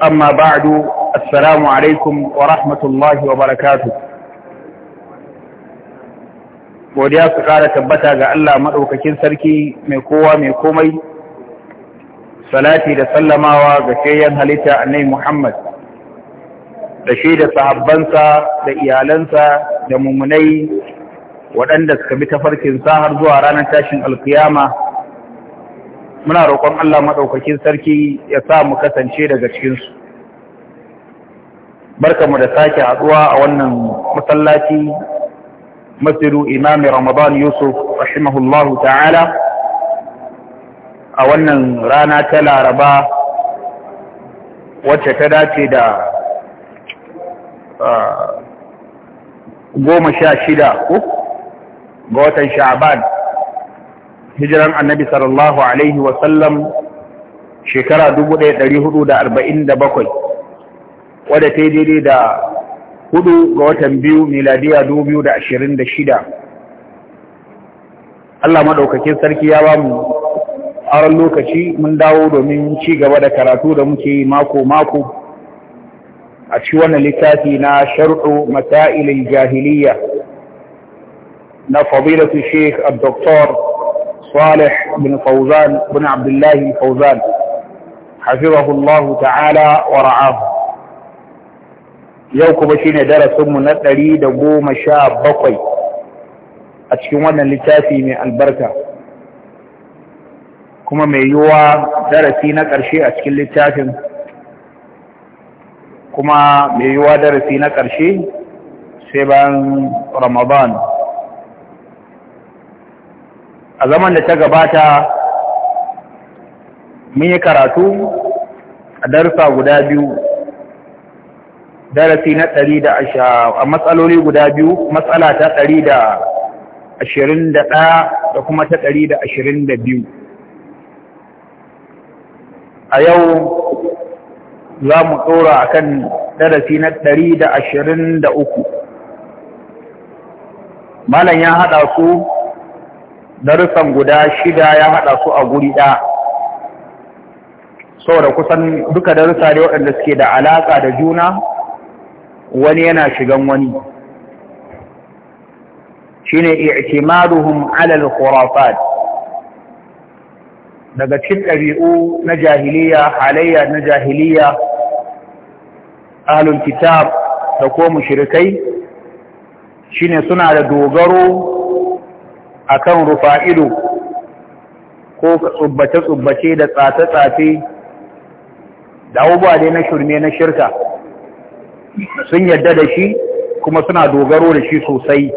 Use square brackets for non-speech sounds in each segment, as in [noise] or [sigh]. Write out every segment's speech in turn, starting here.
amma ba'du assalamu alaikum wa rahmatullahi wa barakatu'. godiya su ƙara tabbata ga Allah madaukakin sarki mai kowa mai komai salati da sallamawa ga shayyan halitta annabi Muhammad da shi da sahabbansa da iyalansa da mummunai waɗanda suka bi tafarkin sa har zuwa ranar tashin alkiyama muna roƙon Allah maɗaukakin sarki ya sa mu kasance daga cikinsu. mu da sake haɗuwa a wannan masallaci masiru imami Ramadan Yusuf rahimahullahu ta'ala a wannan rana ta laraba wacce ta dace da ah, goma sha shida ko ga watan sha'aban hijiran annabi sallallahu alaihi wasallam shekara 1447 wadda ta yi daidai da hudu ga watan biyu miladiya 2026 Allah maɗaukakin sarki ya ba mu aron lokaci mun dawo domin ci gaba da karatu da muke yi mako-mako a ci wannan littafi na shar'u masailin jahiliya na fadilatu sheik doktor صالح bin فوزان بن عبد الله الفوزان حفظه الله تعالى ورعاه yau kuma shine darasinmu na ɗari da goma sha bakwai a cikin wannan littafi mai albarka kuma mai yiwuwa darasi na ƙarshe a cikin littafin kuma mai yiwuwa darasi na ƙarshe sai bayan ramadan a zaman da ta gabata mun yi karatu a darsa guda biyu darasi na ɗari da a matsaloli guda biyu matsala ta ɗari da ashirin da ɗaya da kuma ta ɗari da ashirin da biyu a yau za mu tsora a kan darasi na ɗari da ashirin da uku malam ya haɗa su darussan guda shida ya haɗa su a guri ɗaya da kusan duka darussa da waɗanda suke da alaƙa da juna wani yana shigan wani shine i'timaduhum ala al-khurafat daga cikin ɗabi'u na jahiliya halayya na jahiliya ahlul kitab da ko mushrikai shine suna da dogaro akan rufa ido ko tsubbace-tsubbace da tsafe-tsafe da abubuwa ne na shirme na shirka sun yadda da shi kuma suna dogaro da shi sosai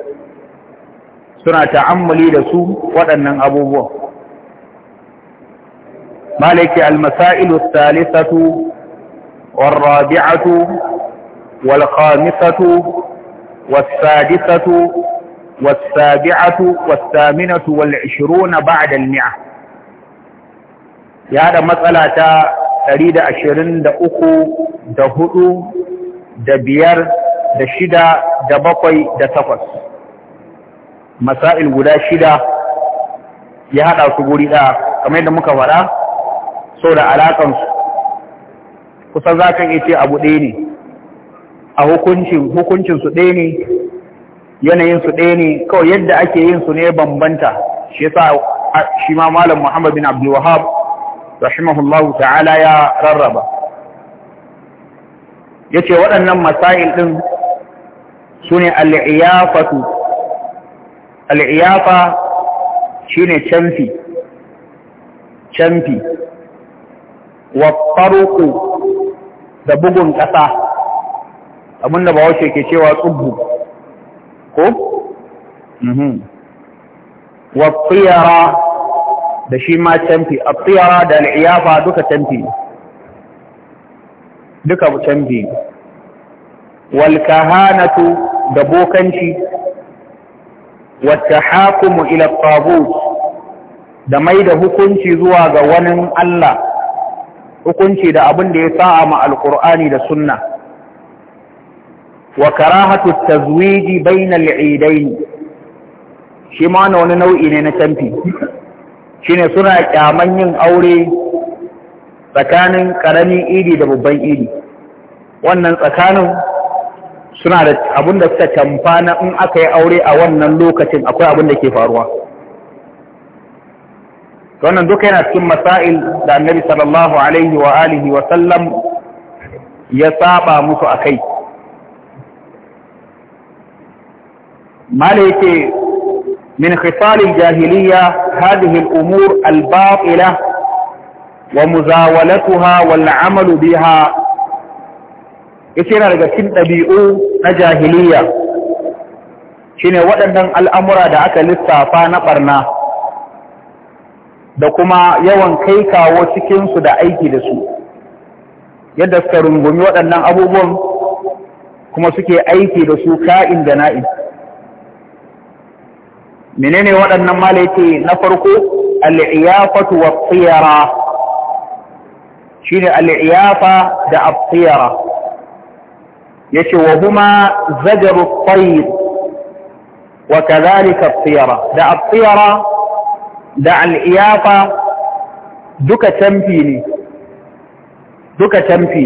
suna ta'ammali da su waɗannan abubuwan Maliki, almasailu salisatu khamisatu والخامسة sadisatu والسابعة والثامنة والعشرون بعد المئة يا هذا مسألة تريد أشرين دا أخو دا هدو دا بيار دا شدا دا بقوي دا تفس مسائل ولا شدا يا هذا سبوري دا كما يدى مكفرة سورة علاقة kusan za يتي أبو ديني أهو ɗaya هو a سديني yanayin su ɗaya ne kawai yadda ake yin su ne bambanta shi yasa shi ma malam Muhammad bin Abdul Wahhab rahimahullahu ta'ala ya rarraba yace waɗannan masail din sune al-iyafatu al-iyafa shine canfi canfi wa taruqu da bugun ƙasa abinda bawo ke cewa tsubbu ko mhm. wa tsiyara da shi ma canfi a tsiyara da al'iyafa duka canfi duka canfi walkahanatu da bokanci wata hakumu ila tabut da mai da hukunci zuwa ga wani Allah hukunci da abin da ya sa'a ma alƙur'ani da sunna wa karahatu tazwiji bainal idain shi ma wani nau'i ne na canfi shine suna kyaman yin aure tsakanin karamin idi da babban idi wannan tsakanin suna da abin da suka tamfa na in aka yi aure a wannan lokacin akwai abin da ke faruwa wannan duka yana cikin masail da annabi sallallahu alaihi wa alihi wa sallam ya saba musu akai mala yake min khisalil jahiliya hadhihi al-umur al-batila wa muzawalatuha wal 'amalu biha yace yana daga cikin ɗabi'u na jahiliya shine waɗannan al'amura da aka lissafa na ɓarna. da kuma yawan kai kawo cikinsu da aiki da su yadda suka rungumi waɗannan abubuwan kuma suke aiki da su ka'in da na'in menene waɗannan malaiti na farko al'iyafatu wa tsira shi ne al'iyafa da aftira ya ce wa kuma zajaru tsayir wa kazalika tsira da aftira da al'iyafa duka camfi ne duka camfi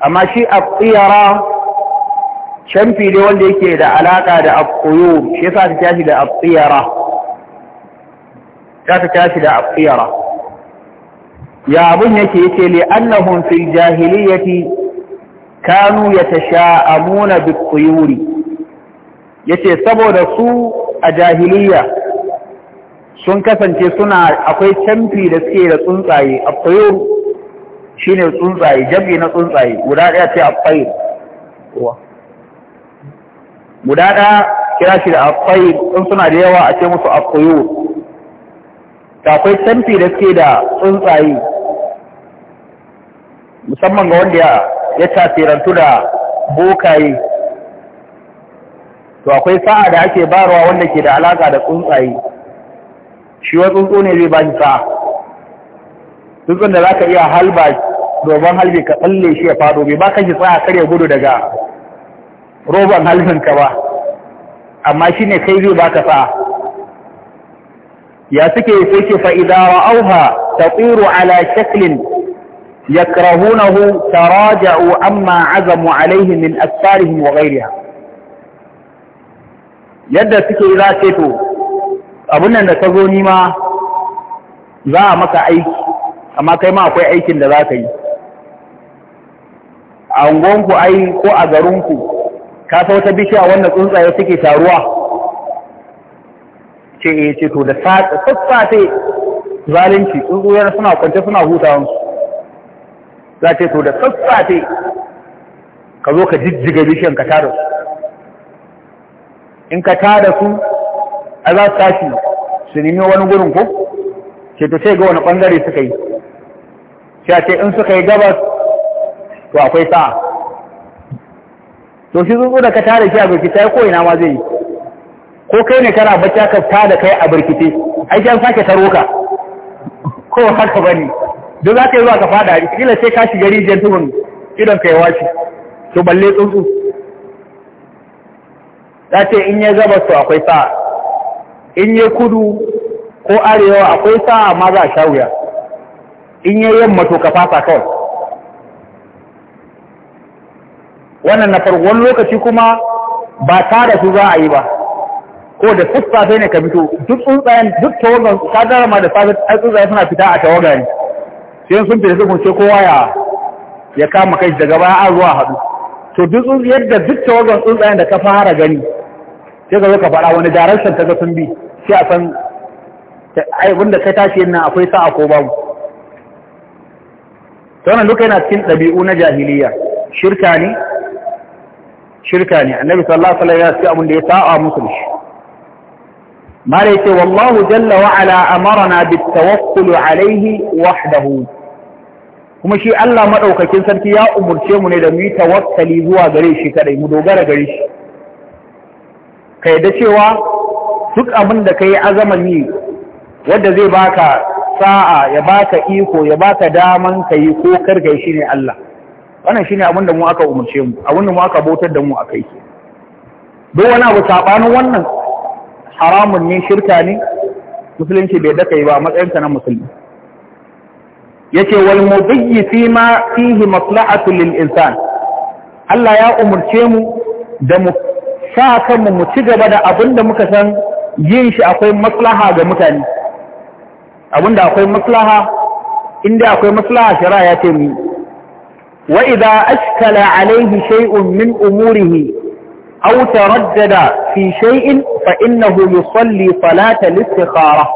amma shi aftira shamfi ne wanda yake da alaka da abkuyu shi yasa ta tashi da afiyara ta tashi da afiyara ya abun yake yake li annahum fil jahiliyyati kanu yatasha'amuna biquyuri yace saboda su a jahiliya sun kasance suna akwai canfi da suke da tsuntsaye afkoyo shine tsuntsaye jam'i na tsuntsaye guda daya ce afkoyo guda ɗaya kira shi da akwai in suna da yawa a ce musu akwayo ta akwai canfi da ke da tsuntsaye musamman ga wanda ya tasirantu da bokaye to akwai sa'a da ake barwa wanda ke da alaka da tsuntsaye shi wa tsuntsu ne zai bani sa'a tsuntsun da za ka iya halba domin halbe ka tsalle shi ya fado bai ba ka shi tsaya kar ya gudu daga roban halifinka ba amma shi ne kai zai baka sa ya suke sai fa'idawa fa'ida auha ta tsiro ala shaklin ya karahunahu ta raja'u amma azamu alaihi min asfarihin wa gairiya yadda suke za ce to abin nan da ta zo nima za a maka aiki amma kai ma akwai aikin da za ka yi a ungonku ai ko a garinku ka sa wata bishiya wanda tsuntsaye suke taruwa ce e ce to da sassafe zalunci tsuntsuyar suna kwance suna hutawan za ce to da sassafe ka zo ka jijjiga bishiyan ka tara su in ka tara su a za su tashi su nemi wani gurin ko ce to sai ga wani bangare suka yi sai ce in suka yi gabas to akwai sa'a to shi tsuntsu da ka tare shi a birkita ko ina ma zai yi ko kai ne kana bacci ka tada kai a birkite ai an sake taro ka ko haka bane duk za ka yi zuwa ka fada a kila sai ka shiga rijiyar tuhun idan ka yi washi to balle tsuntsu za ce in ya gabas to akwai sa'a in ya kudu ko arewa akwai sa ma za a sha wuya in ya yamma to ka fasa kawai wannan na farkon lokaci kuma ba tara su za a yi ba ko da sassafe ne ka fito duk tsuntsayen duk tawagan ka ma da safe a tsuntsaye suna fita a tawaga ne sai sun fita sun ce kowa ya ya kama kai daga baya an zuwa hadu. to duk yadda duk tawagan tsuntsayen da ka fara gani sai ka zo ka faɗa wani direction ta ga sun bi sai a san ai wanda kai tashi yin nan akwai sa'a ko babu ta wannan duka yana cikin ɗabi'u na jahiliya shirka ne shirka ne annabi sallallahu alaihi wasallam ya ce abin da ya sa'a musu shi mare ce wallahu jalla wa ala amarna bit tawakkul alaihi wahdahu kuma shi Allah madaukakin sarki ya umurce mu ne da mu tawakkali zuwa gare shi kadai mu dogara gare shi kai da cewa duk abin da kai azaman yi wanda zai baka sa'a ya baka iko ya baka daman kai ko karkai ne Allah wannan shine abin da mu aka umarce mu abin da mu aka bautar da mu akai duk wani abu sabanin wannan haramun ne shirka ne musulunci bai daka yi ba matsayinka na musulmi yace wal mudayyi fi ma fihi maslahatu lil insan Allah ya umarce mu da mu sa kanmu mu ci gaba da abin da muka san yin shi akwai maslaha ga mutane abin da akwai maslaha inda akwai maslaha shari'a ya ce mu وإذا أشكل عليه شيء من أموره أو تردد في شيء فإنه يصلي صلاة الاستخارة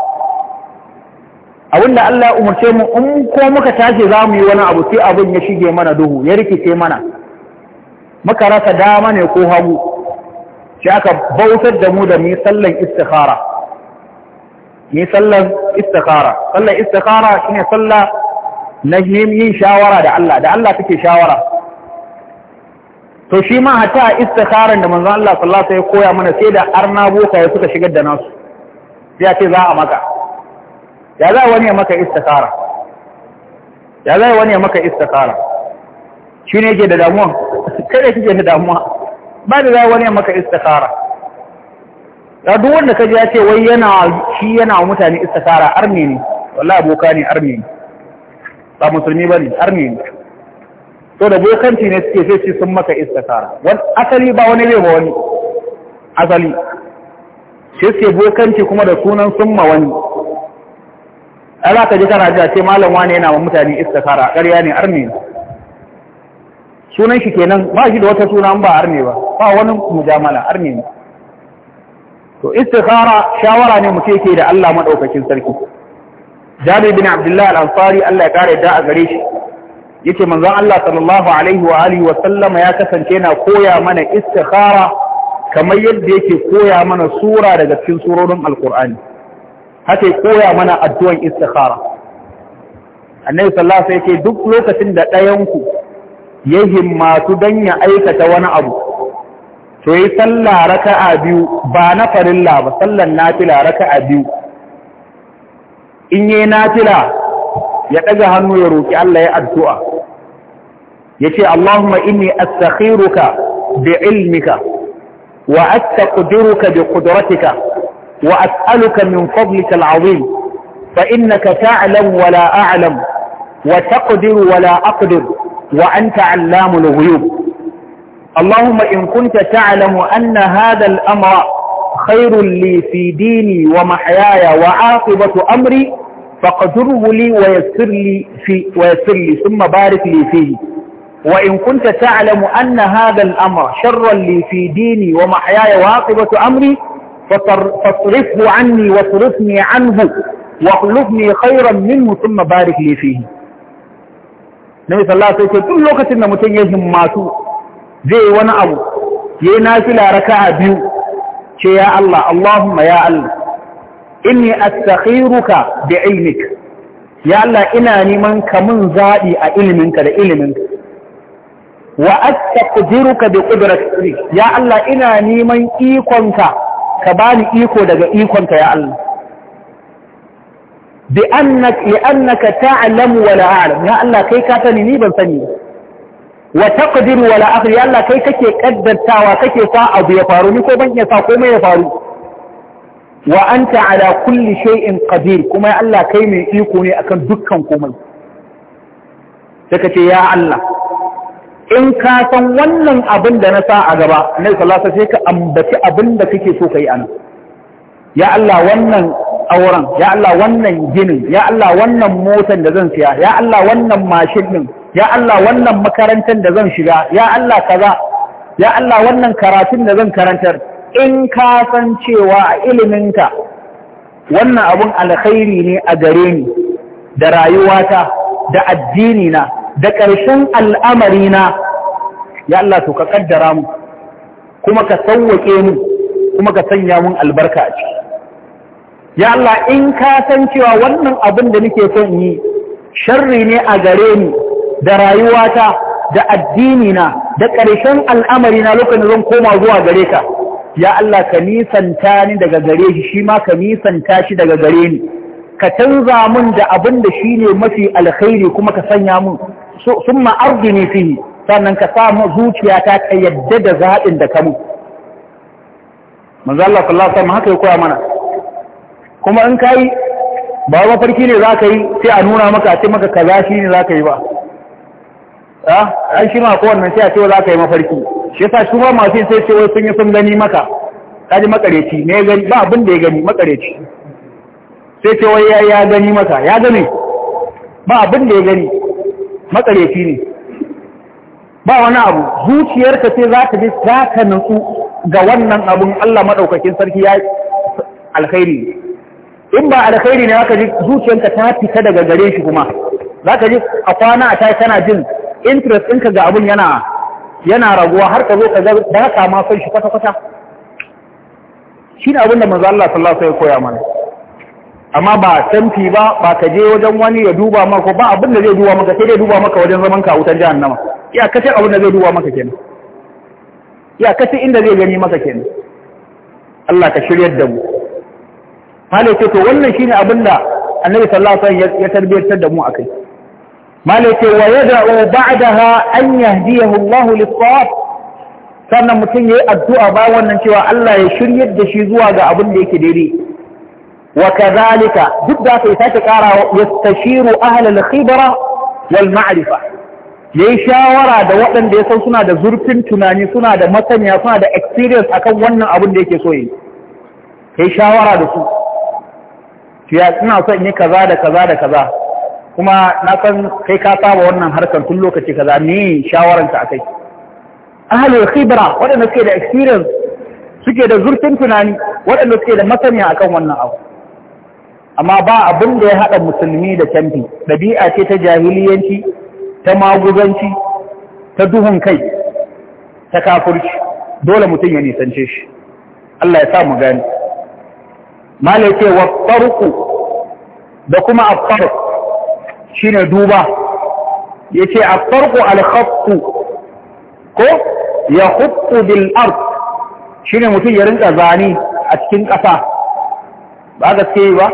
أو إن الله أمر شيء أمكو مكتاج زامي وانا أبو تي أبو يشيجي منا دهو يريكي تي منا مكرس داما يقوهبو شاك بوتد دمو دمي صلى الاستخارة ni sallan istikhara sallan istikhara shine sallah na yin shawara da Allah da Allah kake shawara to shi ma hatta istikharan da manzon Allah sallallahu alaihi wasallam ya koya mana sai da arna boka ya suka shigar da nasu ya ce za a maka ya za wani ya maka istikhara ya za wani ya maka istikhara shi ne yake da damuwa [laughs] kada ke da damuwa ba da za wani ya maka istikhara da duk wanda kaji ya ce wai yana shi yana mutane istikhara arme ne wallahi boka ne arme ne ba musulmi ba ne arni ne to da bokanci ne suke sai ci sun maka istikara wani asali ba wani ne ba wani asali shi suke bokanci kuma da sunan sun ma wani ala ka ji kana ji ce malam wani yana wa mutane istikara ƙarya ne arni ne sunan shi kenan ba shi da wata sunan ba arne ba ba wani mujamala arne ne to istikhara shawara ne mutum yake da Allah madaukakin sarki jami bin abdullahi al-ansari Allah ya kare da a gare shi yace manzon Allah sallallahu alaihi wa alihi wa sallama ya kasance na koya mana istikhara kamar yadda yake koya mana sura daga cikin surorin alkur'ani haka koya mana addu'an istikhara annabi sallallahu yake yace duk lokacin da ɗayan ku ya himmatu don ya aikata wani abu to yi sallah raka'a biyu ba na farin laba sallan nafila raka'a biyu in yi nafila ya ɗaga hannu ya roƙi Allah ya addu'a ya ce Allahumma inni astakhiruka bi ilmika wa astaqdiruka bi qudratika wa as'aluka min fadlika al'azim fa innaka ta'lam wa la a'lam wa taqdiru wa la aqdir wa anta 'allamul ghuyub اللهم إن كنت تعلم أن هذا الأمر خير لي في ديني ومحياي وعاقبة أمري فقدره لي ويسر لي, في ويسر لي ثم بارك لي فيه وإن كنت تعلم أن هذا الأمر شرا لي في ديني ومحياي وعاقبة أمري فاصرفه عني واصرفني عنه واخلفني خيرا منه ثم بارك لي فيه Nabi sallallahu alaihi wasallam tun lokacin da mutum ya himmatu zai wani abu yayi nafila raka'a biyu ce ya Allah Allahumma ya Allah inni astakhiruka bi ilmik ya Allah ina neman ka mun zaɓi a iliminka da iliminka wa astaqdiruka bi qudratik ya Allah ina neman ikonka ka bani iko daga ikonka ya Allah bi annak li annaka ta'lamu wa la a'lam ya Allah kai ka sani ni ban sani wa taqdiru wa la aqdir ya Allah kai kake kaddantawa kake sa abu ya faru ni ko ban iya sa komai ya faru wa anta ala kulli shay'in qadir kuma ya Allah kai mai iko ne akan dukkan komai Daga ce ya Allah in ka san wannan abin da na sa a gaba na sallallahu sai ka ambaci abin da kake so ka kai anan ya Allah wannan auren ya Allah wannan ginin ya Allah wannan motan da zan siya ya Allah wannan mashin ɗin, ya Allah wannan makarantar da zan shiga ya Allah kaza ya Allah wannan karatun da zan karantar in ka san cewa a iliminka wannan abun alkhairi ne a gare ni da rayuwata da addini na da ƙarshen al'amari na ya Allah to ka kaddara mu kuma ka sauwake mu kuma ka sanya mun albarka a ciki ya Allah in ka san cewa wannan abun da nake son yi sharri ne a gare ni da rayuwata da addini na da ƙarshen al'amari na lokacin zan koma zuwa gare ka ya Allah ka nisanta ni daga gare shi shi ma ka nisanta shi daga gare ni ka canza mun da abin da shi ne mafi alkhairi kuma ka sanya mun sun ma'arzi ne fi sannan ka samu zuciya ta yadda da zaɓin da kamu Allah sallallahu alaihi haka ya koya mana kuma in ka yi ba mafarki ne za ka yi sai a nuna maka a ce maka kaza shi ne za ka yi ba an ah, shi ma kowannan sai a ce za ka yi mafarki shi yasa shi ma masu yin sai ce wai sun yi sun gani maka kaji makareci ne gani ba abin da ya gani makareci sai ce wai ya gani maka ya gani ba abin da ya gani makareci ne ba wani abu zuciyarka sai za ka ji za ka nutsu ga wannan abun Allah maɗaukakin sarki ya alkhairi in ba alkhairi ne zaka ji zuciyarka ta fita daga gare shi kuma zaka ji a kwana a tashi kana jin interest ɗinka ga abin yana yana raguwa har ka zo ka ba ka ma son shi kwata-kwata shi ne abinda manzo Allah sallallahu alaihi koya mana amma ba tamfi ba ba ka je wajen wani ya duba maka ba abinda zai duba maka sai dai duba maka wajen zaman ka a jihar jahannama iya kace abinda zai duba maka kenan iya kace inda zai gani maka kenan Allah ka shiryar da mu halaye to wannan shine abinda annabi sallallahu alaihi wasallam ya tarbiyyar da mu akai malaka wa yad'u ba'daha an yahdiyahu Allah lis-sawab sannan mutum yayi addu'a ba wannan cewa Allah ya shiryar da shi zuwa ga abin da yake daidai wa kadhalika duk da sai sake kara yastashiru ahla al-khibra wal ma'rifa yayi shawara da waɗanda ya san suna da zurfin tunani suna da masaniya suna da experience akan wannan abin da yake so yi yayi shawara da su ya ina son yi kaza da kaza da kaza kuma na san kai ka saba wannan harkar tun lokaci ka za ne shawaranta kai ahlul khibra waɗanda suke da experience suke da zurfin tunani waɗanda suke da masaniya akan wannan abu amma ba abin da ya haɗa musulmi da canfi ɗabi'a ce ta jahiliyanci ta maguzanci ta duhun kai ta kafurci dole mutum ya nisance shi Allah ya sa mu gani malai ce wa da kuma afar shine duba yace ce a al-khatt ko ya khuttu bil ard shine mutum ya rinka zani a cikin ƙasa ba gaske ba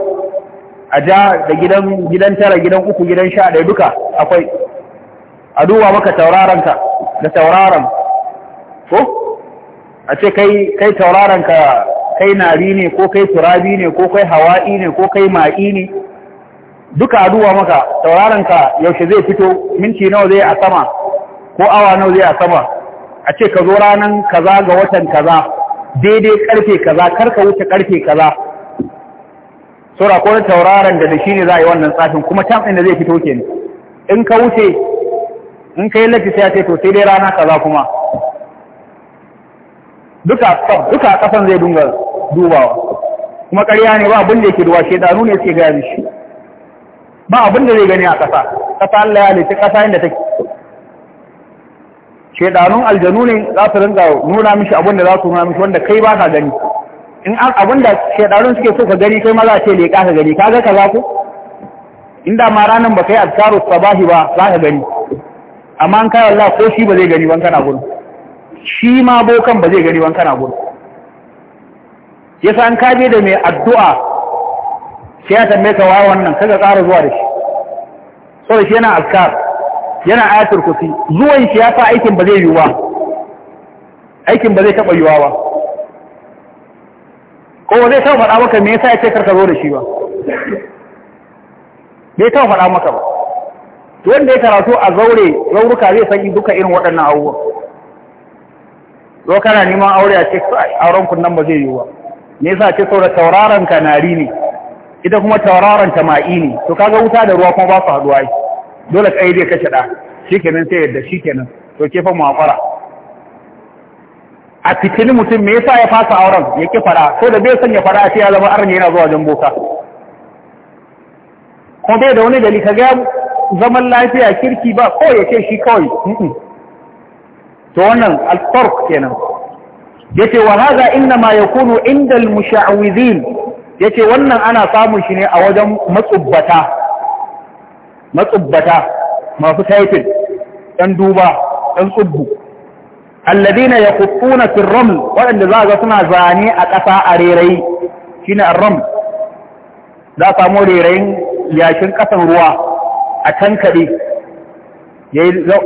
a ja da gidan gidan tara gidan uku gidan sha ɗaya duka akwai a duba maka taurarenka da tauraron ko a ce kai kai taurarenka kai nari ne ko kai turabi ne ko kai hawa'i ne ko kai ma'i ne duka a duwa maka tauraronka yaushe zai fito minti nawa zai a sama ko awa nawa zai a sama a ce ka zo ranar kaza ga watan kaza daidai karfe kaza karka wuce karfe kaza saura ko na tauraron da da shi ne za a yi wannan tsafin kuma can ɗin da zai fito ke in ka wuce in ka yi lafi sai ce to sai dai rana kaza kuma duka duka kasan zai dunga dubawa kuma ƙarya ne ba abin da yake duwa shedanu ne suke gaya mishi ba abin da zai gani a ƙasa ƙasa Allah ya halitta ƙasa inda take shaidanun aljanu ne za su rinka nuna mishi abin da za su nuna mishi wanda kai ba ka gani in an abin da shaidanun suke so ka gani kai ma za ce leƙa ka gani kaga ka za ku inda ma ranar ba kai azkaru sabahi ba za ka gani amma an kai Allah ko shi ba zai gani wanka na gudu shi ma bokan ba zai gani wanka na gudu yasa an kaje da mai addu'a sai ya tambaye ka waye wannan kaga ƙara zuwa da shi so shi yana askar yana ayatul kursi zuwan shi ya fa aikin ba zai yiwu ba aikin ba zai taɓa yi ba ko ba zai taɓa faɗa maka me yasa ya ce karka zo da shi ba bai taɓa faɗa maka ba wanda ya karatu a zaure zauruka zai san duka irin waɗannan abubuwan zo kana neman aure a cikin auren kunnan ba zai yiwu ba me yasa ce saboda tauraron kanari ne ita kuma tauraron ta ne, to kaga wuta da ruwa kuma ba su haduwa dole kai zai kashe da shikenan sai yadda shikenan to ke fa mu'amara a cikin mutum me yasa ya fasa auren ya ki fara ko da bai san ya fara sai ya zama arni yana zuwa jan boka ko bai da wani dalili kaga zaman lafiya kirki ba ko ya ce shi kawai to wannan al turk kenan yace wa hadha inma yakunu inda al-musha'widhin ya ce wannan ana samun shi ne a wajen matsubbata matsubbata masu taifin ɗan duba ɗan tsubbu alladina ya kuttuna firram waɗanda za ga suna zane a ƙasa a rerayi shi ne arram za a samu rerayin yashin ƙasan ruwa a tankaɗe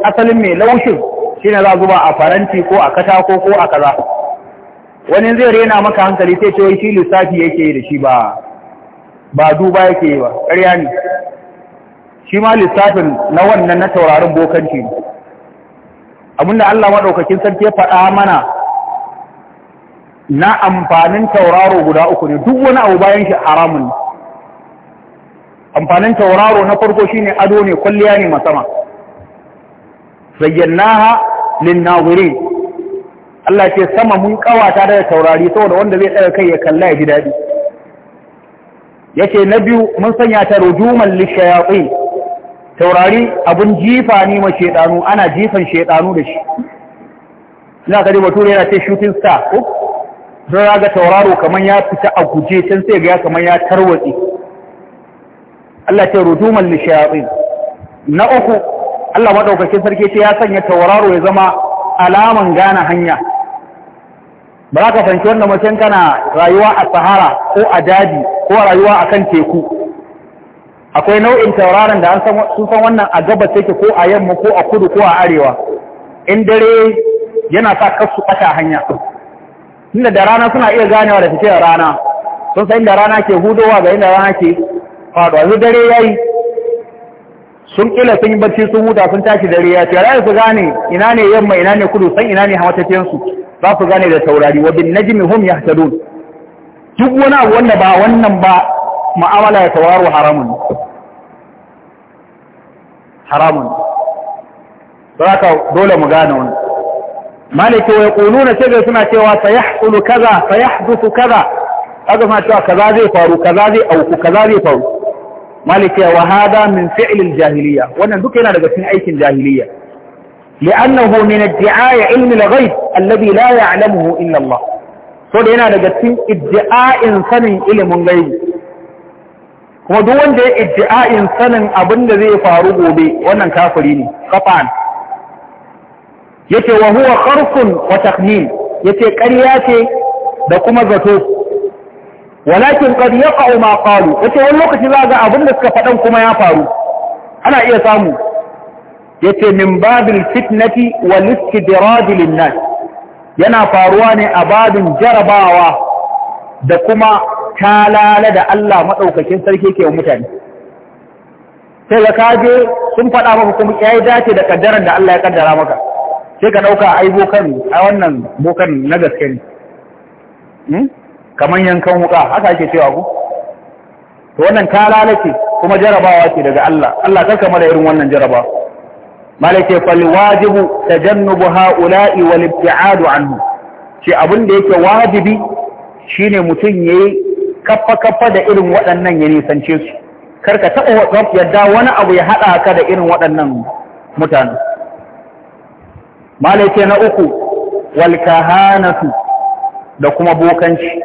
asalin mai laushin shi ne za zuba a faranti ko a katako ko a kaza wani zai rena maka hankali sai cewa shi lissafi yake da shi ba ba duba yake ba ƙarya ne shi ma lissafin na wannan na taurarin bokanci ne abinda Allah maɗaukakin sarki ya faɗa mana na amfanin tauraro guda uku ne duk wani abu bayan shi haramun amfanin tauraro na farko shine ado ne kwalliya ne masama zayyanaha lin nazirin Allah ce sama mun kawata daga taurari saboda wanda zai tsaya kai ya kalla ya ji daɗi yake na biyu mun sanya ta rujuman lishayaqi taurari abun jifa ne ma shedanu ana jifan shedanu da shi ina kare bature yana ce shooting star ko don raga tauraro kaman ya fita a guje can sai ga kaman ya tarwatsi Allah ce rujuman lishayaqi na uku Allah madaukakin sarki ce ya sanya tauraro ya zama alaman gane hanya ba za ka fanki wannan mutum kana rayuwa a sahara ko a daji ko rayuwa a kan teku akwai nau'in tauraron da sun san wannan a gabas take ko a yamma ko a kudu ko a arewa in dare yana sa kasu ɓata hanya inda da rana suna iya ganewa da fitiyar rana sun san inda rana ke hudowa ga inda rana ke faɗo yanzu dare ya yi sun kila sun yi barci sun huta sun tashi dare ya ce ra'ayi su gane ina ne yamma ina ne kudu san ina ne hamatafiyarsu za su gane da taurari wa bin najmi hum yahtadun duk wani abu wanda ba wannan ba mu'amala ya tauraro haramun haramun saka dole mu gane wannan maliki wa yaquluna sai suna cewa sayahulu kaza sayahduthu kaza kaza ma cewa kaza zai faru kaza zai auku kaza zai faru maliki wa hada min fi'l al-jahiliya wannan duk yana daga cikin aikin jahiliya لأنه من ادعاء علم الغيب الذي لا يعلمه إلا الله so da yana daga cikin iddia'in sanin ilimin gaibi kuma duk wanda ya iddia'in sanin abin zai faru gobe wannan kafiri ne kafan yace wa huwa kharqun wa takmin yace ƙarya ce da kuma zato walakin qad yaqa'u ma qalu yace wani lokaci za ga abin da suka faɗan kuma ya faru ana iya samu yace min babil fitnati wal istidrad lin nas yana faruwa ne a babin jarabawa da kuma talala da Allah madaukakin sarki ke wa mutane sai da kaje sun faɗa maka kuma yayi dace da kaddaran da Allah ya kaddara maka sai ka dauka aibo kan a wannan bokan na gaske ne hmm? kaman yankan wuka haka ake cewa ku to wannan talala ce kuma jarabawa ce daga Allah Allah kanka mara irin wannan jarabawa malake falwajibu tajannubu ha'ula'i wal ibti'adu anhu shi abin da yake wajibi shine mutum yayi kaffa kaffa da irin waɗannan ya nisance su karka taɓa yadda wani abu ya haɗa ka da irin waɗannan mutane malake na uku wal kahanatu da kuma bokanci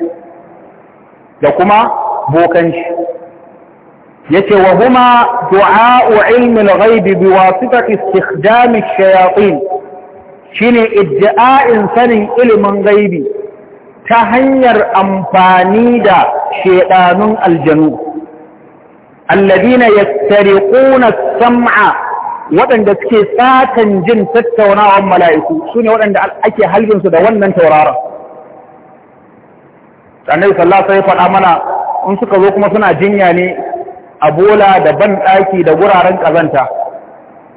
da kuma bokanci yace wa huma du'a'u ilmi al-ghaibi bi wasitati istikhdam ash-shayatin shine iddia'in sanin ilimin gaibi ta hanyar amfani da shedanun aljanu alladina yastariquna as-sam'a waɗanda suke satan jin tattaunawar mala'iku su ne waɗanda ake su da wannan tauraron. Sannan sallah sai faɗa mana in suka zo kuma suna jinya ne a bola da ban ɗaki da wuraren ƙazanta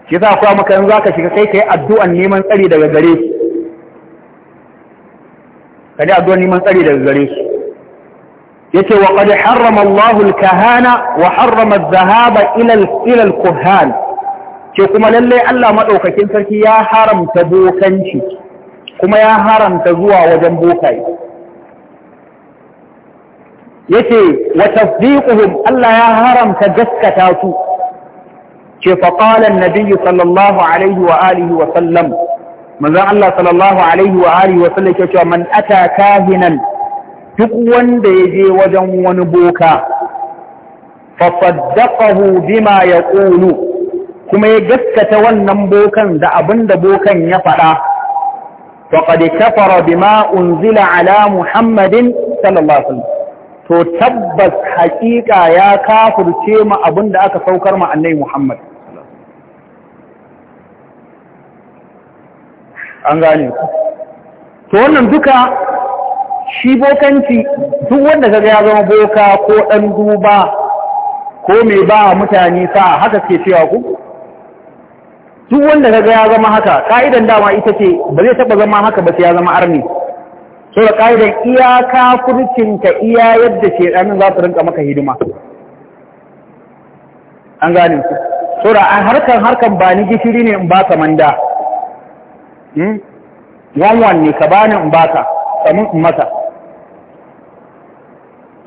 shi sa kuwa maka yanzu za ka shiga kai ka yi addu'an neman tsari daga gare su ka ji addu'an neman tsari daga gare su ya ce wa ƙadi harrama Allahul kahana wa harrama zahaba ilal kuhan ce kuma lallai Allah maɗaukakin sarki ya haramta bokanci kuma ya haramta zuwa wajen bokaye yace wa tasdiquhum Allah ya haramta gaskata su ce fa qala an-nabiy sallallahu alaihi wa alihi wa sallam manzon Allah sallallahu alaihi wa alihi wa sallam yake cewa man ata kahinan duk wanda ya je wajen wani boka fa saddaqahu bima yaqulu kuma ya gaskata wannan bokan da abinda bokan ya faɗa faqad kafara bima unzila ala muhammadin sallallahu alaihi wa sallam to tabbas haƙiƙa ya kafurce ma abin da aka saukar ma annai Muhammad. An gane ku. To wannan duka shi bokanci duk wanda kaga ya zama boka ko ɗan duba ko mai ba mutane sa haka ke cewa ku? Duk wanda ka ya zama haka, ƙa'idan dama ita ce ba zai taɓa zama haka ba sai ya zama arni. so da ƙa'idar iya ka iya yadda shedanin za su rinka maka hidima an gane su so da a harkar harkar ba ni gishiri ne in baka manda wanwan hmm? ne ka bani in baka samun in masa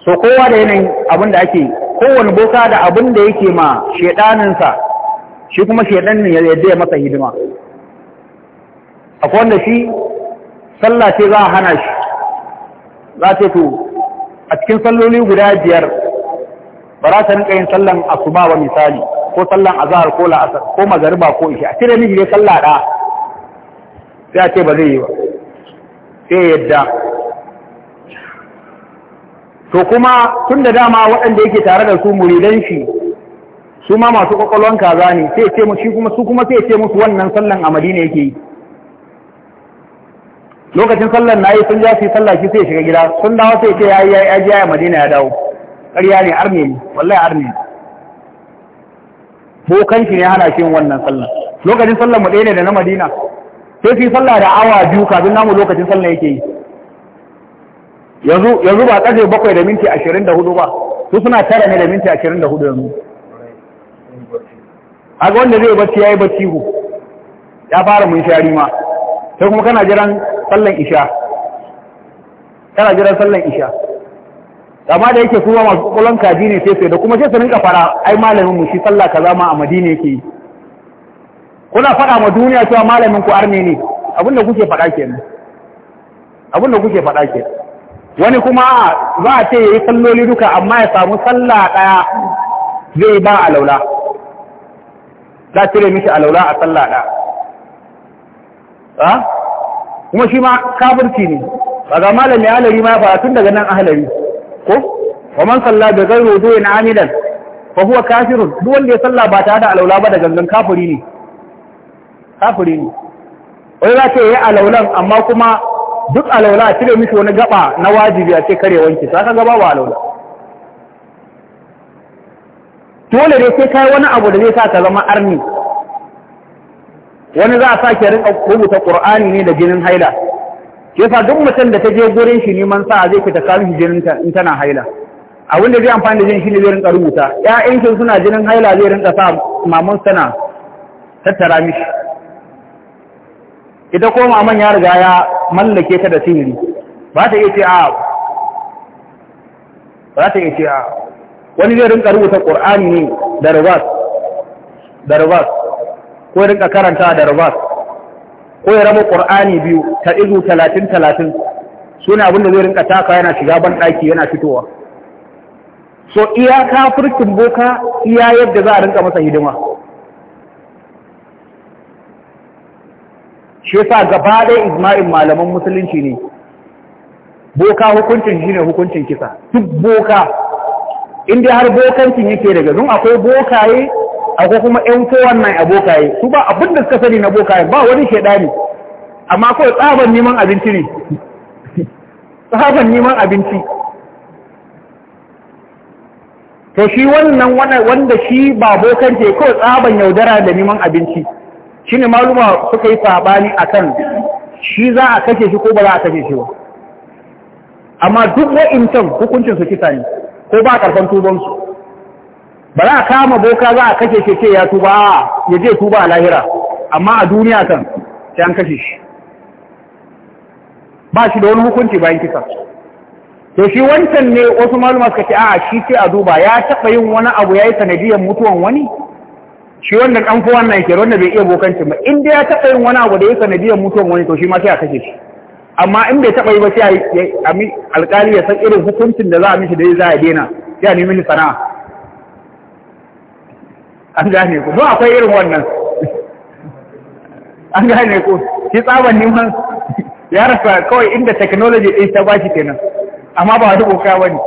so kowa da yanayin abin da ake kowane boka da abin da yake ma shedaninsa shi kuma shedanin yadda ya masa hidima akwai wanda shi sallah ce za a hana shi za ce to a cikin salloli guda biyar ba za ta rinka yin sallan asuba ba misali ko sallan azahar ko la'asar ko magariba ko isha a cire miji ne sallah ɗa sai a ce ba zai yi ba sai yadda to kuma tun da dama waɗanda yake tare da su muridan shi su ma masu kwakwalwan kaza ne sai ce mu shi kuma su kuma sai ce musu wannan sallan a madina yake yi lokacin sallar na yi sun ja su sallah shi sai shiga gida sun dawo sai ce ya yi ya ji ya madina ya dawo ƙarya ne arme ne wallahi arme ne bokan shi ne hana shi yin wannan sallar lokacin sallar mu ɗaya ne da na madina sai su yi sallah da awa biyu kafin namu lokacin sallar yake yi yanzu yanzu ba ƙarfe bakwai da minti ashirin da hudu ba su suna tara ne da minti ashirin da hudu yanzu a ga wanda zai bacci ya yi bacci ku ya fara mun shari ma sai kuma kana jiran sallan isha kana jiran sallan isha amma da yake kuma masu kwakwalon kaji ne sai sai da kuma sai su fara ai malamin mu shi sallah kaza ma a madina yake yi kuna faɗa ma duniya cewa malamin ku arne ne abinda kuke faɗa ke abinda kuke faɗa ke wani kuma za a ce yayi salloli duka amma ya samu sallah ɗaya, zai ba a laula. za a cire mishi laula a sallah ɗaya. Ah? kuma shi ma kafirci ne ga malam ya halari ma fara tun daga nan ahlari ko wa man salla bi ghairi wudu'in amilan fa huwa kafirun duk wanda ya salla ba tare da alaula ba da gangan kafiri ne kafiri ne wai za ta yi alaulan amma kuma duk alaula a cire mishi wani gaba na wajibi a ce kare wanki ta ka gaba ba alaula dole ne sai kai wani abu da zai sa ka zama arni wani za a sake rinka rubuta ƙur'ani ne da jinin haila yasa duk mutum da ta je gurin shi neman sa zai fita kamin jinin ta in tana haila abin da zai amfani da jinin shi ne zai rinka rubuta ƴaƴan shi suna jinin haila zai rinka sa maman sana tattara mishi ita ko maman ya riga ya mallake ta da sihiri ba ta iya ce a ba ta iya ce a wani zai rinka rubuta ƙur'ani ne da rubas da rubas ko ya rinka karanta da rubas ko ya rama biyu ta izu talatin talatin. sune abin da zai rinka taka yana shiga ban ɗaki yana fitowa so iya kafircin boka iya yadda za a rinka masa hidima shi yasa gaba ɗaya ijma'in malaman musulunci ne boka hukuncin shi ne hukuncin kisa duk boka inda har bokancin yake daga zun akwai bokaye akwai kuma ƴan kowan nan abokaye su ba abin da suka sani na abokaye ba wani ne. amma kawai tsaban neman abinci ne [laughs] tsaban neman abinci to shi wannan wanda shi ba abokan ce kawai tsaban yaudara da neman abinci shi ne maluma suka yi sabani akan shi za a kashe shi ko ba za a kashe shi ba amma duk wa'incan hukuncinsu kisa ne ko ba karfan tubansu ba za a kama boka za a kashe keke ya tuba ya je tuba a lahira amma a duniya kan sai an kashe shi ba shi da wani hukunci bayan kisa to shi wancan ne wasu malumar suka ce a shi ce a duba ya taɓa yin wani abu ya yi sanadiyar mutuwan wani shi wanda ɗan fi wannan ke wanda bai iya bokanci ba inda ya taɓa yin wani abu da ya sanadiyar mutuwan wani to shi ma sai a kashe shi amma in bai taɓa yi ba sai alƙali ya san irin hukuncin da za a mishi da za a daina sai a nemi sana'a an gane ku don akwai irin wannan an gane ku shi tsaban neman ya rasa kawai inda technology ɗin ta bashi kenan amma ba wani boka wani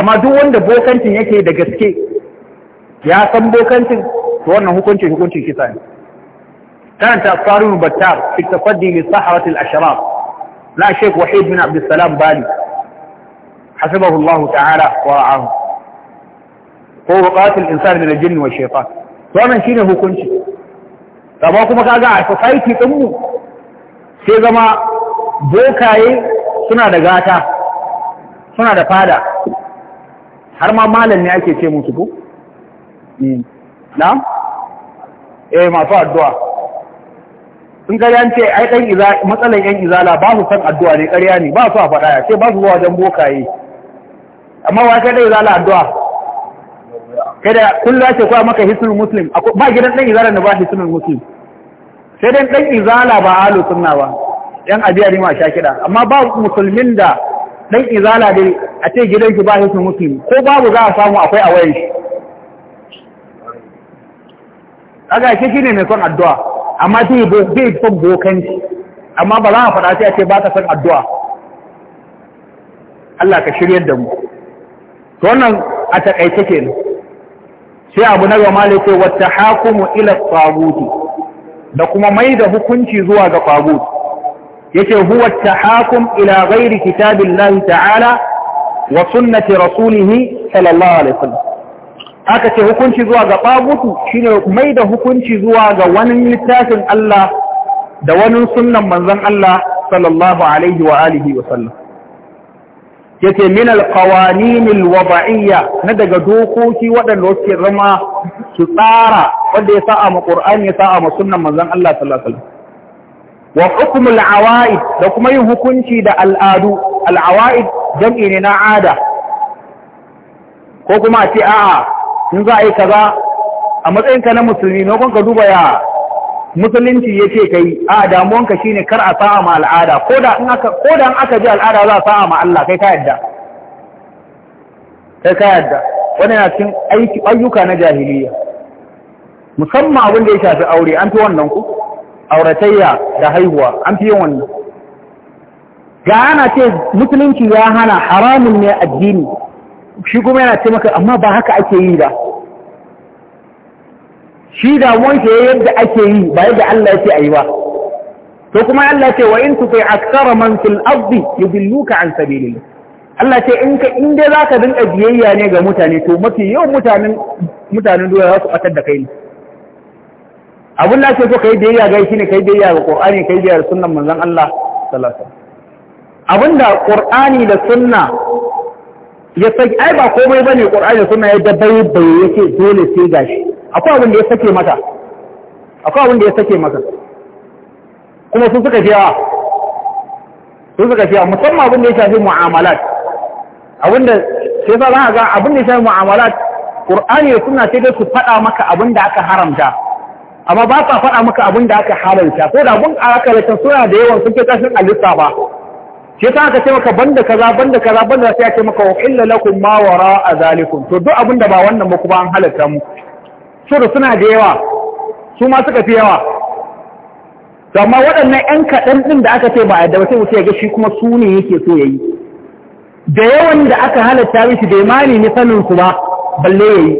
amma duk wanda bokancin yake da gaske ya san bokancin to wannan hukuncin hukuncin kisa ne Ta كانت أفكار المبتار في التفدي لصحوة الأشراف لا شيخ وحيد بن عبد السلام بالي حسبه الله wa ورعاه ko buƙatar insani da jini wa shefa. to wannan shine hukunci amma kuma kaga a society ɗinmu mu sai zama bokaye suna da gata suna da fada har ma malam ne ake ce musu ko hmm. Na? eh masu addu'a sun kare an ce ai ɗan matsalan 'yan izala ba su san addu'a ne ƙarya ne ba su a faɗa ya ce ba su zuwa wajen bokaye amma wa kai ɗan izala addu'a kada kullum ce kuwa maka hisul muslim ba gidan dan izala da ba hisul muslim sai dai dan izala ba alu sunna ba yan abiya ne ma sha kida amma ba musulmin da dan izala dai a ce gidan ki ba hisul muslim ko babu za a samu akwai a wayan shi aga shi shine mai son addu'a amma shi bai son bokanci amma ba za a faɗa sai a ce ba ka son addu'a Allah ka shiryar da mu to wannan a takaice kenan sai abu na gama ne ce wata hakumu ila tsaguti da kuma mai da hukunci zuwa ga tsaguti yake huwa tahakum ila kitabin kitabillahi ta'ala wa sunnati rasulihi sallallahu alaihi wasallam aka ce hukunci zuwa ga tsaguti shine mai da hukunci zuwa ga wani littafin Allah da wani sunnan manzon Allah sallallahu alaihi wa alihi yace min alqawanin alwada'iyya na daga dokoki waɗanda wake zama su tsara wanda ya sa'a mu Qur'ani ya sa'a mu sunnan manzon Allah sallallahu alaihi wa hukm alawa'id da kuma yin hukunci da al'adu alawa'id jam'i ne na ada ko kuma a ce a'a in za a yi kaza a matsayin ka na musulmi ne kun ka duba ya musulunci ya ce ka yi a damuwanka shine kar a sa'a ma al'ada ko da in aka ji al'ada za a sa'a ma Allah kai ka yadda kai ka yadda wani na cin ayyuka na jahiliya musamman abin da ya shafi aure an fi wannan ku auratayya da haihuwa an fi yin wannan ga ana ce musulunci ya hana haramun ne addini shi kuma yana ce maka amma ba haka ake yi ba shi damuwan shi yadda ake yi ba yadda Allah ya ce a yi ba to kuma Allah ce wa in tufi aksara man fil ardi yudilluka an sabilillah Allah ce in ka in dai zaka dinka biyayya ne ga mutane to mafi yawan mutanen mutanen duniya za su fatar da kai ne abun da ake so kai biyayya ga shi ne kai biyayya ga Qur'ani kai biyayya ga sunnan manzon Allah sallallahu alaihi wasallam abinda Qur'ani da sunna ya sai ai ba komai bane Qur'ani da sunna ya dabbai bai yake dole sai gashi akwai abin da ya sake mata akwai abin da ya sake mata kuma sun suka fiya sun suka fiya musamman abin da ya shafi mu'amalat abin da sai sa za ga abin da ya shafi mu'amalat ƙur'ani da suna sai dai su faɗa maka abin da aka haramta amma ba sa faɗa maka abin da aka haramta, ko da abin aka can suna da yawan suke kashin alista ba shi ta aka ce maka banda kaza banda kaza banda sai ake maka wa illa lakum ma wara a zalikum to duk abin da ba wannan ba kuma an halatta mu saboda suna da yawa su ma suka fi yawa to amma waɗannan 'yan kaɗan ɗin da aka ce ba a ba sai ya ga shi kuma su ne yake so ya yi da yawan da aka halatta mishi bai mani nemi sanin su ba balle ya yi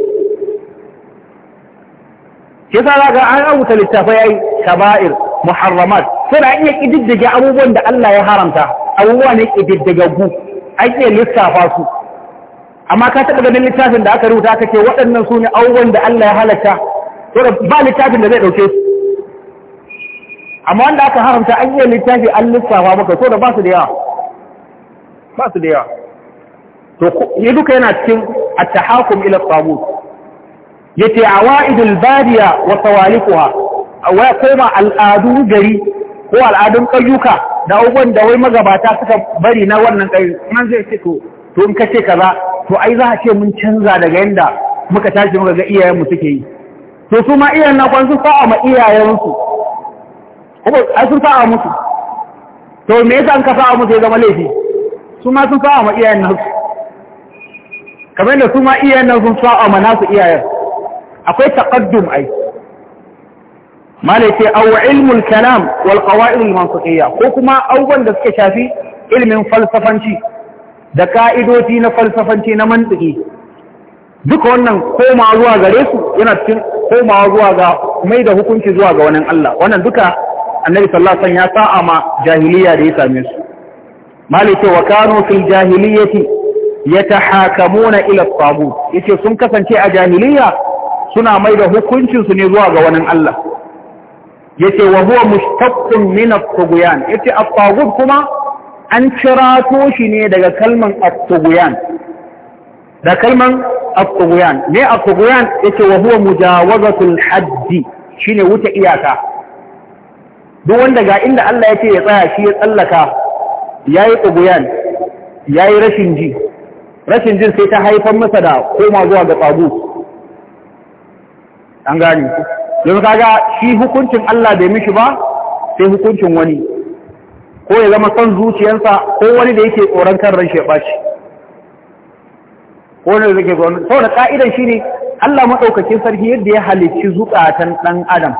shi yasa za ga an rubuta littafai yayi kaba'ir muharramat suna iya ƙididdige abubuwan da Allah ya haramta abubuwa ne ƙididdigaggu ake lissafa su amma ka taɓa ganin littafin da aka rubuta aka ce waɗannan su ne auwan da Allah ya da ba littafin da zai ɗauke su amma wanda aka haramta an yi littafi an lissafa maka so da ba su da yawa ba su da yawa to ya duka yana cikin at-tahakum ila at-tagut yace awaidul badiya wa tawalikuha wa koma al'adu gari ko al'adun kayyuka da abubuwan da wai magabata suka bari na wannan kai nan zai ce to to in ka ce kaza to ai za a ce mun canza daga yadda muka tashi muka ga iyayenmu suke yi to su ma iyayen na kwan sun fa'a ma iyayensu kuma ai sun fa'a musu to me yasa an ka fa'a musu ya zama laifi su ma sun fa'a ma iyayen nasu kamar yadda su ma iyayen nan sun fa'a ma nasu iyayen akwai taqaddum ai malai ce aw ilmul kalam wal qawaid al mantiqiyya ko kuma abubuwan da suka shafi ilmin falsafanci da ka'idoci na falsafanci na mantiki duka wannan komawa zuwa gare su yana cikin komawa zuwa ga mai da hukunci zuwa ga wani Allah wannan duka annabi sallallahu alaihi wasallam ya sa'a jahiliya da ya same su malike wa kanu fil jahiliyati yatahakamuna ila at-tagut yace sun kasance a jahiliya suna mai da hukuncinsu ne zuwa ga wannan Allah yace wa huwa mushtaqqun min at yace at-tagut kuma an cirato shi ne daga kalman at da kalman at ne at yake wa huwa mujawazatul haddi shine wuta iyaka duk wanda ga inda Allah yake ya tsaya shi ya tsallaka yayi tughyan yayi rashin ji rashin jin sai ta haifar masa da koma zuwa ga tsagu an gani yanzu kaga shi hukuncin Allah bai mishi ba sai hukuncin wani ko ya zama son zuciyarsa ko wani da yake tsoron kan ran sheɓa ko wani da yake tsoron sau da ƙa'idan shi ne Allah maɗaukakin sarki yadda ya halicci zukatan ɗan adam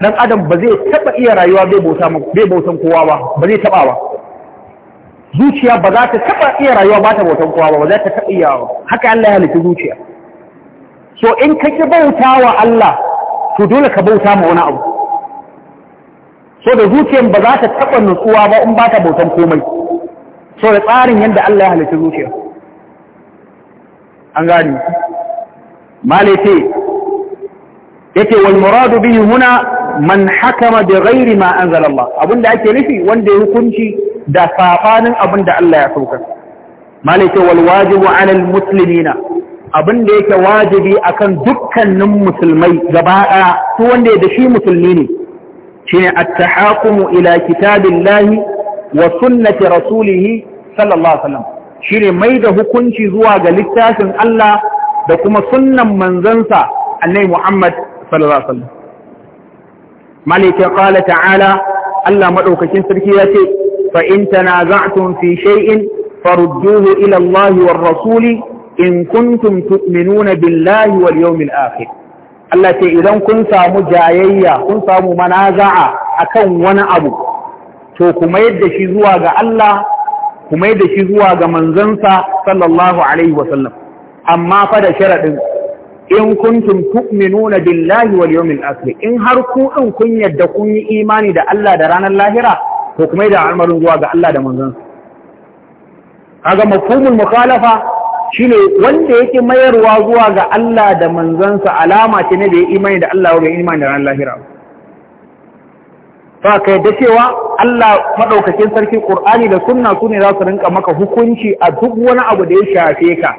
ɗan adam ba zai taɓa iya rayuwa bai bautan kowa ba ba zai taɓa ba zuciya ba za ta taɓa iya rayuwa ba ta bautan kowa ba ba za ta taɓa iya ba. haka Allah ya halicci zuciya so in ka ƙi bauta wa Allah to dole ka bauta ma wani abu so da zuciyar ba za ta taɓa nutsuwa ba in ba ta bautan komai so da tsarin yadda Allah ya halitta zuciya an gani malaite yake wal muradu bihi huna man hakama bi ghairi ma anzala Allah da ake nufi wanda ya hukunci da safanin da Allah ya sauka malaite wal wajibu ala al muslimina abinda yake wajibi akan dukkanin musulmai gaba ɗaya su wanda ya da shi musulmi ne shine at-tahakumu ila kitabillahi wa sunnati rasulih sallallahu alaihi wasallam shine mai da hukunci zuwa ga littafin Allah da kuma sunnan manzansa annabi Muhammad sallallahu alaihi wasallam malika qala ta'ala Allah madaukakin sarki ya ce fa in tanaza'tum fi shay'in farudduhu ila Allah war rasuli in kuntum tu'minuna billahi wal yawmil akhir Allah ce idan kun samu jayayya kun samu manaza'a akan wani abu to kuma yadda shi zuwa ga Allah kuma yadda shi zuwa ga manzansa sallallahu alaihi wa sallam. amma fa da sharadin in kuntum tu'minuna billahi wal yawmil akhir in har ku din kun yadda kun yi imani da Allah da ranar lahira to kuma yadda al'amarin zuwa ga Allah da manzansa kaga mafhumul mukhalafa shine wanda yake mayarwa zuwa ga Allah da manzansa alama ce ne da ya imani da Allah wa imani da ran lahira fa ka da cewa Allah maɗaukakin sarki ƙur'ani da sunna su ne za su rinka maka hukunci a duk wani abu da ya shafe ka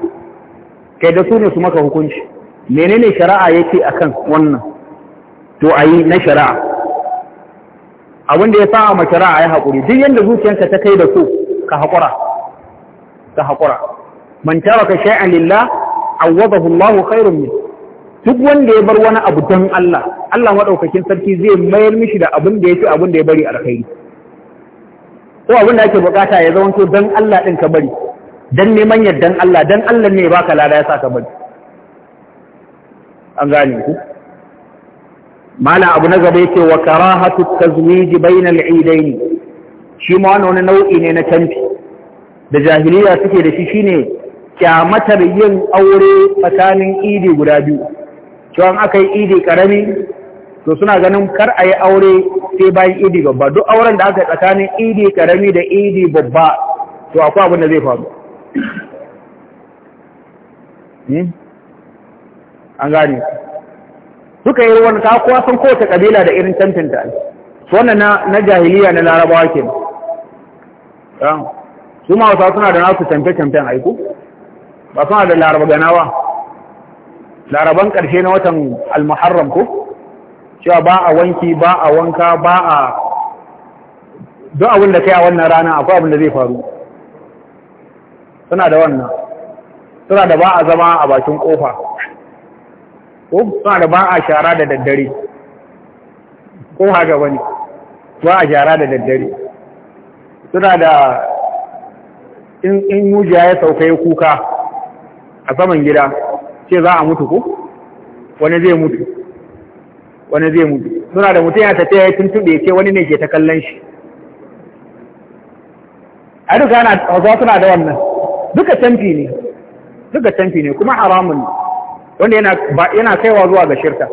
ka da su ne su maka hukunci menene shari'a yake akan wannan to a yi na shari'a abin da ya sa ma shari'a ya haƙuri duk yadda zuciyarka ta kai da so ka haƙura ka haƙura man taraka shay'an lillah awwadahu Allah khairun min duk wanda ya bar wani abu don Allah Allah madaukakin sarki zai mayar mishi da abin da yake abin da ya bari alkhairi ko abin da ake bukata ya zama to dan Allah din ka bari dan neman yardan Allah dan Allah ne baka lada ya sa ka bari an gane ku mala abu na gaba yake wa karahatu tazwij bainal eidain shi ma wani nau'i ne na tanfi da jahiliya suke da shi shine kyamatar yin aure tsakanin idi guda biyu cewa aka yi idi karami to suna ganin kar a yi aure sai bayan idi babba duk auren da aka yi tsakanin idi karami da idi babba to akwai abin da zai faru hmm? an gane suka yi ruwan kakuwa sun kowace kabila da irin cancanta wannan na jahiliya na larabawa ke Suma wasa suna da nasu camfe-camfen aiku ba suna da laraba gana ba laraban ƙarshe na watan almuharram ko cewa ba a wanki ba a wanka ba a duk abin da kai a wannan rana akwai abin da zai faru suna da wannan suna da ba a zama a bakin kofa ko suna da ba a shara da daddare ko haka wani ba a shara da daddare suna da in mujiya ya sauka ya kuka a saman gida ce za a mutu ko wani zai mutu wani zai mutu suna da mutum ya tafiya ya tuntube ce wani ne ke ta kallon shi a duka yana hausa suna da wannan duka canfi ne duka canfi ne kuma haramun ne wanda yana kaiwa zuwa ga shirka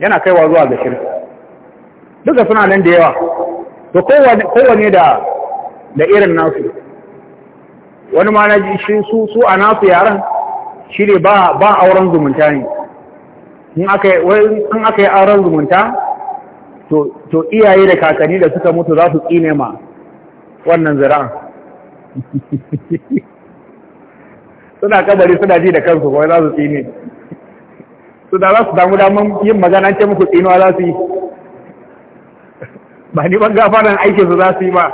yana kaiwa zuwa ga shirka duka suna nan da yawa to kowane da irin nasu wani ma na ji shi su su a nasu yaran shi ne ba auren zumunta ne in aka yi auren zumunta to iyaye da kakanni da suka mutu za su tsine ma wannan zira. [laughs] suna kabari suna ji da kansu kawai za su tsine su da za su damu daman yin magana ce muku tsinuwa za su yi [laughs] ba ni ban gafaran aikinsu za su yi ba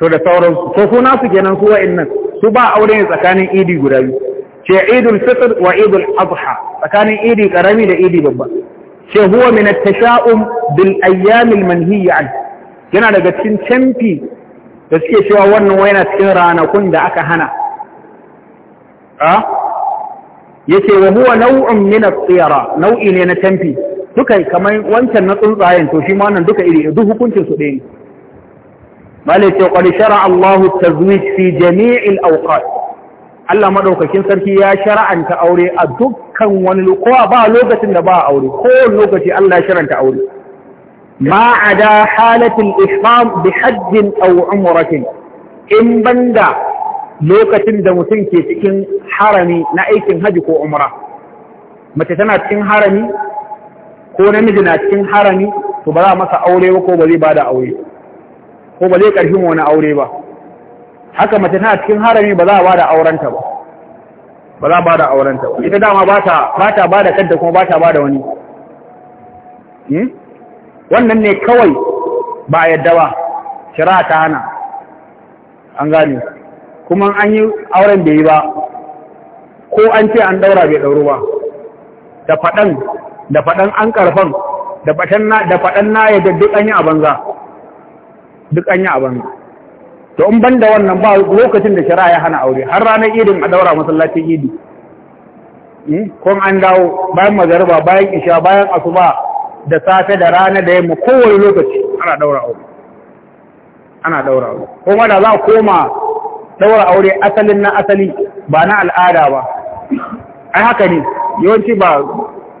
to da sauransu to su nasu kenan su wa'annan su ba aure ne tsakanin idi guda biyu ce idul fitr wa idul adha tsakanin idi karami da idi babba ce huwa min at-tasha'um bil ayyam al an yana daga cikin canfi da suke cewa wannan wai yana cikin ranakun da aka hana a yace wa huwa naw'un min at-tiyara nau'i ne na tamfi, duka kamar wancan na tsuntsayen to shi ma wannan duka iri duk hukuncin su ɗaya ne malai ce kwari shara'a Allahu tazwij fi jami'il awqat Allah madaukakin sarki ya shara'anta aure a dukkan wani lokaci ba lokacin da ba aure ko lokaci Allah ya shara'anta aure ma ada halatul ihram bi hajjin aw umratin in banda lokacin da mutum ke cikin harami na aikin haji ko umra mace tana cikin harami ko namiji na cikin harami to ba za masa aure ko ba zai bada aure ko ba zai ƙarfin wani aure ba haka mace tana cikin harami ba za a bada aurenta ba ba za a bada aurenta ba ita dama ba ta bada kanta kuma ba ta bada wani hmm? wannan ne kawai ba a yadda ba shira ta hana an gane kuma an yi auren bai yi ba ko an ce an daura bai dauro ba da faɗan da faɗan an ƙarfan da faɗan na yadda duk an yi a banza duk an yi a to in ban da wannan ba lokacin da shari'a ya hana aure har ranar idin a daura masallacin idi hmm? kun an dawo bayan magariba bayan isha bayan asuba da safe da rana da yamma kowane lokaci ana daura aure ana daura aure kuma da za a koma daura aure asalin na asali ba na al'ada ba ai haka ne yawanci ba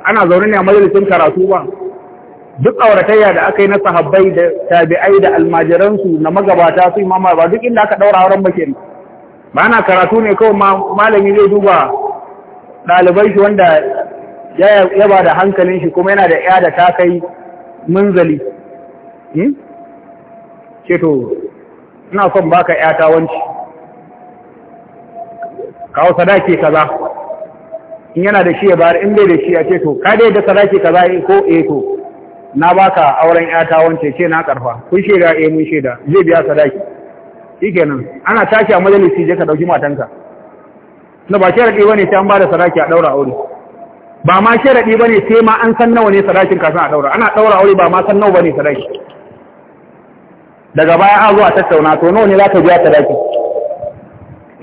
ana zaune ne a majalisun karatu ba duk auratayya da aka yi na sahabbai da tabi'ai da almajiransu na magabata su imama ba duk inda aka daura auren ba kenan ba na karatu ne kawai malami zai duba ɗalibai shi wanda ya ba da hankalin shi kuma yana da ya da ta kai munzali ce hmm? to ina son baka ya ta wanci kawo sadaki kaza in yana da shi ya bayar in bai da shi ya ce to ka dai da sadaki kaza ko eh to na baka auren yata wance ce na karfa kun shaida eh mun shaida zai biya sadaki shikenan ana tashi a majalisi je ka dauki matanka na ba sharadi bane sai an bada sadaki a daura aure ba ma sharadi bane sai ma an san nawa ne sadakin kafin a daura ana daura aure ba ma san nawa bane sadaki daga baya a zuwa tattauna to nawa ne za ka biya sadaki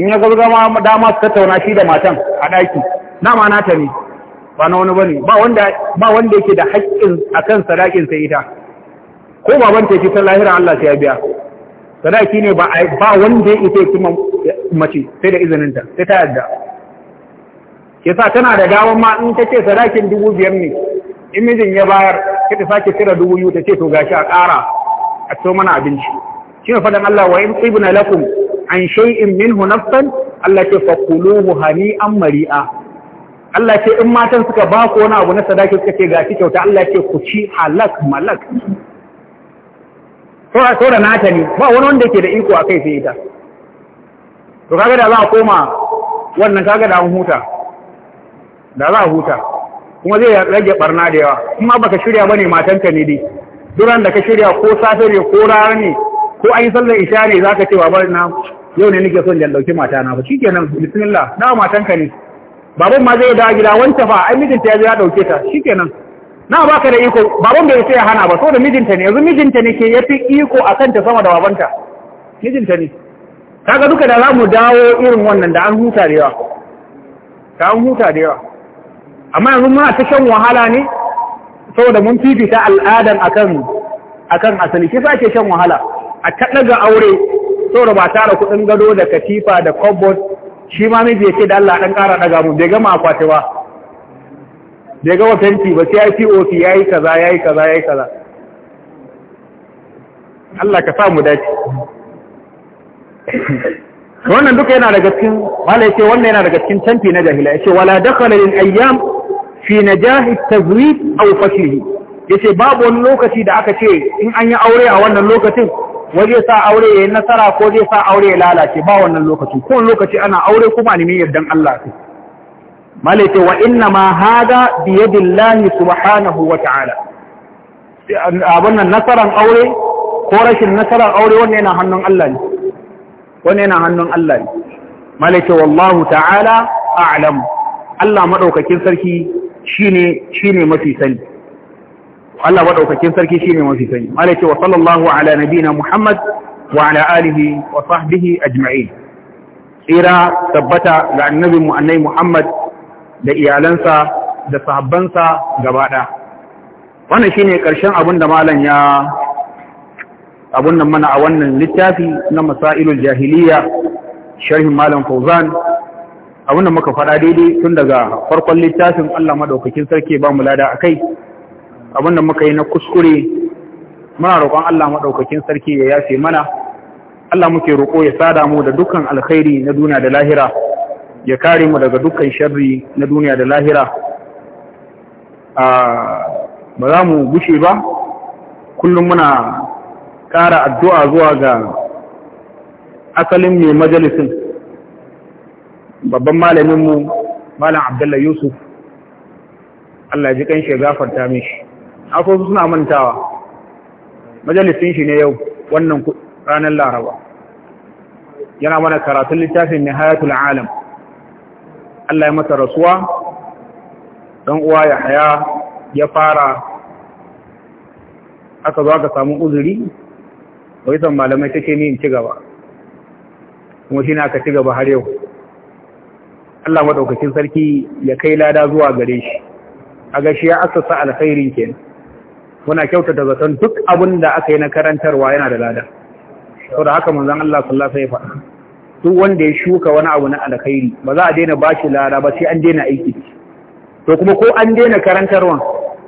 in ga zama dama su tattauna shi da matan a daki na ma nata ne ba na wani ba ne, ba wanda yake da haƙƙin akan sadakin sai ita ko baban ta ta lahira Allah sai ya biya sadaki ne ba wanda ya ita kuma mace sai da izininta sai ta yadda sa tana da gawan ma in ta ce sadakin dubu biyar ne in ya bayar sai ta sake cire dubu biyu ta ce to gashi a ƙara a cikin mana abinci shi ne faɗin Allah wa in tsibna lakum an shay'in minhu nafsan Allah ce faquluhu hani'an mari'a Allah ce in matan suka ba ku wani abu na sadaki suka ce gashi kyauta Allah ce ku ci halak malak saura saura nata ne ba wani wanda yake da iko a kai sai ita to kaga da za a koma wannan kaga da an huta da za a huta kuma zai rage barna da yawa kuma baka shirya bane matanka ne dai duran da ka shirya ko safe ne ko rana ne ko an yi sallar isha ne zaka ce wa bari na yau ne nake son da dauki mata na ba shikenan bismillah da matanka ne baban ma zai da gida wanta fa ai mijinta ya zai ya dauke ta shikenan na ba ka da iko baban bai sai ya hana ba saboda mijinta ne yanzu mijinta ne ke yafi iko akan ta sama da babanta mijinta ne kaga duka da zamu dawo irin wannan da an huta da yawa ta an huta da yawa amma yanzu muna ta shan wahala ne saboda mun fifita al'adan akan akan asali shi sa shan wahala a ta daga aure saboda ba tara kuɗin gado da katifa da cupboard shi ma miji ya da Allah ɗan ƙara ɗaga mu bai gama akwati ba bai gama fenti ba sai ya pop ya yi kaza ya yi kaza ya yi kaza Allah ka samu dace [coughs] wannan duka yana daga cikin wala yake wannan yana daga cikin canfi na jahila ce wala dakhala lil ayyam fi najah at-tazwij aw fashlihi yace babu wani lokaci da aka ce in an yi aure a wannan lokacin waje zai sa aure ya yi nasara ko zai sa aure ya lalace ba wannan lokacin kowane lokaci ana aure kuma neman yardan Allah sai malaita wa inna ma hada biyadillahi subhanahu wa ta'ala abin nasaran aure ko rashin nasaran aure wannan yana hannun Allah ne wannan yana hannun Allah ne malaita wallahu ta'ala a'lam Allah maɗaukakin sarki shi shine mafi sani Allah madaukakin sarki shine mafi sani malaka wa sallallahu ala nabina muhammad wa ala alihi wa sahbihi ajma'in tsira tabbata ga annabi mu annai muhammad da iyalansa da sahabbansa gaba ɗaya wannan shine karshen abin da malam ya abun nan mana a wannan littafi na masailul jahiliya sharhin malam fauzan abin da muka faɗa daidai tun daga farkon littafin Allah madaukakin sarki ba mu lada akai abinda muka yi na kuskure muna roƙon Allah maɗaukakin sarki ya yafe mana Allah muke roƙo ya sada mu da dukkan alkhairi na duniya da lahira ya kare mu daga dukkan sharri na duniya da lahira ba za mu gushe ba kullum muna ƙara addu'a zuwa ga asalin mai majalisin babban malaminmu malam abdullahi yusuf Allah ji kan shi gafarta mishi akwai suna mantawa majalisin shi ne yau wannan ranar laraba yana mana karatun littafin hayatul alam Allah ya mata rasuwa don uwa ya haya ya fara aka zuwa ka samu uzuri wai san malamai take ni in ci gaba kuma shi ne aka ci gaba har yau Allah maɗaukacin sarki ya kai lada zuwa gare shi a gashi ya asasa alkhairin kenan muna kyautata zaton duk abin da aka yi na karantarwa yana da lada sau da haka manzan Allah sallallahu alaihi faɗa duk wanda ya shuka wani abu na alkhairi ba za a daina ba shi lada ba sai an daina aiki to kuma ko an daina karantarwa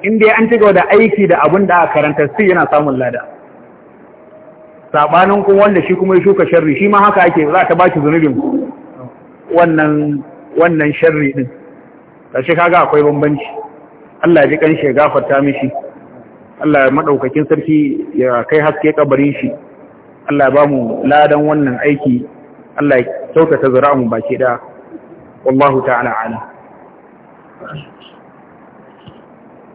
inda ya an cigaba da aiki da abin da aka karanta, sai yana samun lada sabanin kuma wanda shi kuma ya shuka sharri shi ma haka ake za ta ba shi zunubin wannan wannan sharri din shi kaga akwai bambanci Allah ya ji kanshi ya gafarta mishi Allah madaukakin sarki ya kai haske ƙabarin shi Allah ba mu ladan wannan aiki Allah ya kyautata mu baki da wallahu ta'ala alam